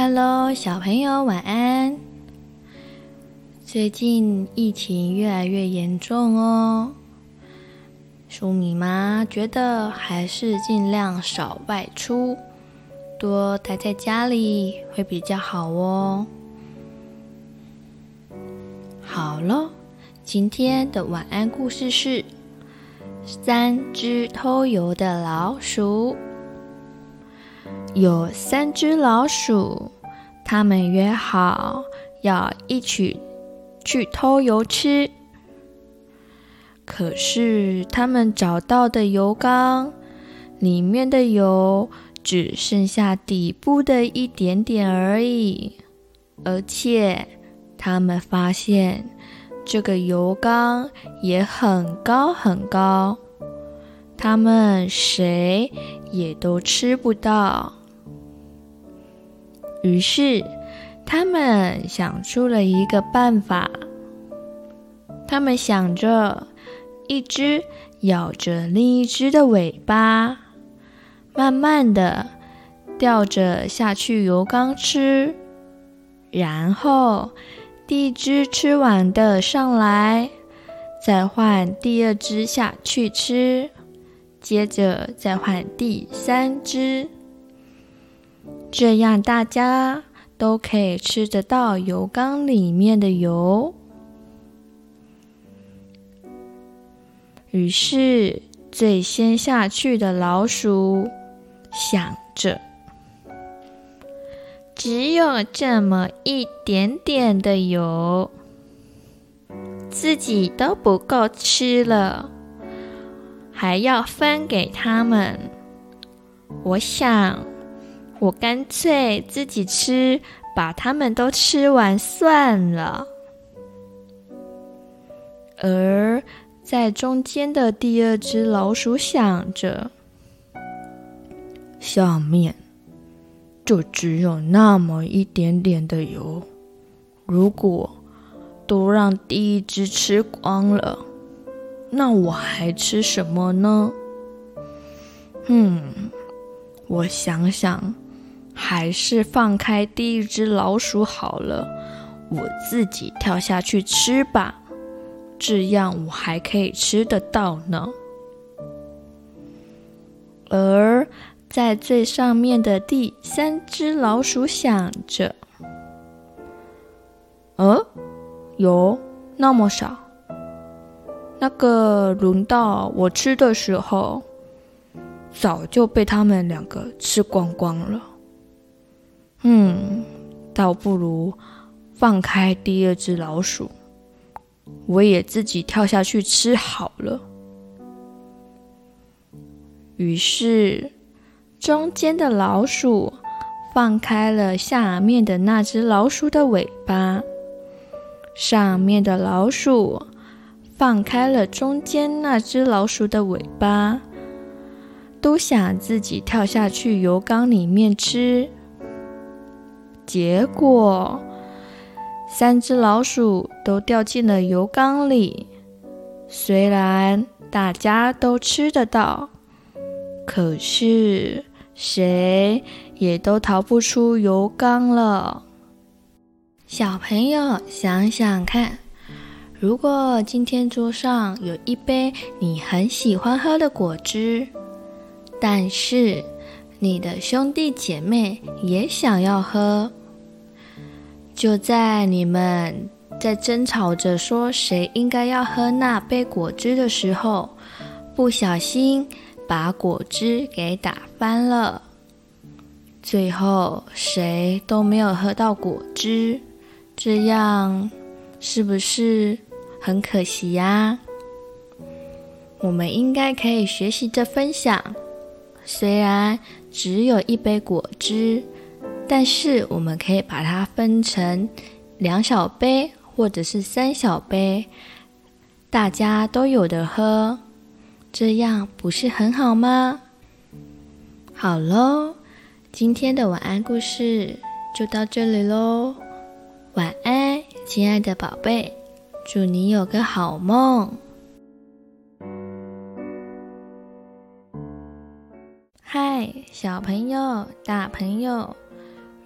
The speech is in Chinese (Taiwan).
Hello，小朋友，晚安。最近疫情越來越嚴重哦，黍米媽覺得還是盡量少外出，多待在家裡會比較好哦。好嘍，今天的晚安故事是《三隻偷油的老鼠》，有三隻老鼠。他們約好要一起去偷油吃，可是他們找到的油缸裡面的油只剩下底部的一點點而已，而且他們發現這個油缸也很高很高，他們誰也都吃不到。於是，他們想出了一個辦法。他們想着，一隻咬着另一隻的尾巴，慢慢地吊着下去油缸吃，然後第一隻吃完的上來，再換第二隻下去吃，接着再換第三隻。這樣大家都可以吃得到油缸裡面的油。於是，最先下去的老鼠想着，只有這麼一點點的油，自己都不夠吃了，還要分給他們。我想，我乾脆自己吃，把它們都吃完算了。而在中間的第二隻老鼠想着，下面就只有那麼一點點的油，如果都讓第一隻吃光了，那我還吃什麼呢？嗯，我想想。還是放開第一隻老鼠好了，我自己跳下去吃吧，這樣我還可以吃得到呢。而在最上面的第三隻老鼠想着：“嗯、啊，有那麼少？那個輪到我吃的時候，早就被他們兩個吃光光了。”嗯，倒不如放開第二隻老鼠，我也自己跳下去吃好了。於是，中間的老鼠放開了下面的那隻老鼠的尾巴，上面的老鼠放開了中間那隻老鼠的尾巴，都想自己跳下去油缸裡面吃。結果，三隻老鼠都掉進了油缸裡。雖然大家都吃得到，可是誰也都逃不出油缸了。小朋友，想想看，如果今天桌上有一杯你很喜歡喝的果汁，但是你的兄弟姐妹也想要喝。就在你們在爭吵着說誰應該要喝那杯果汁的時候，不小心把果汁給打翻了，最後誰都沒有喝到果汁，這樣是不是很可惜呀？我們應該可以學習着分享，雖然只有一杯果汁。但是我們可以把它分成兩小杯，或者是三小杯，大家都有得喝，這樣不是很好嗎？好嘍，今天的晚安故事就到這裡嘍，晚安，親愛的寶貝，祝你有個好夢。嗨，小朋友，大朋友。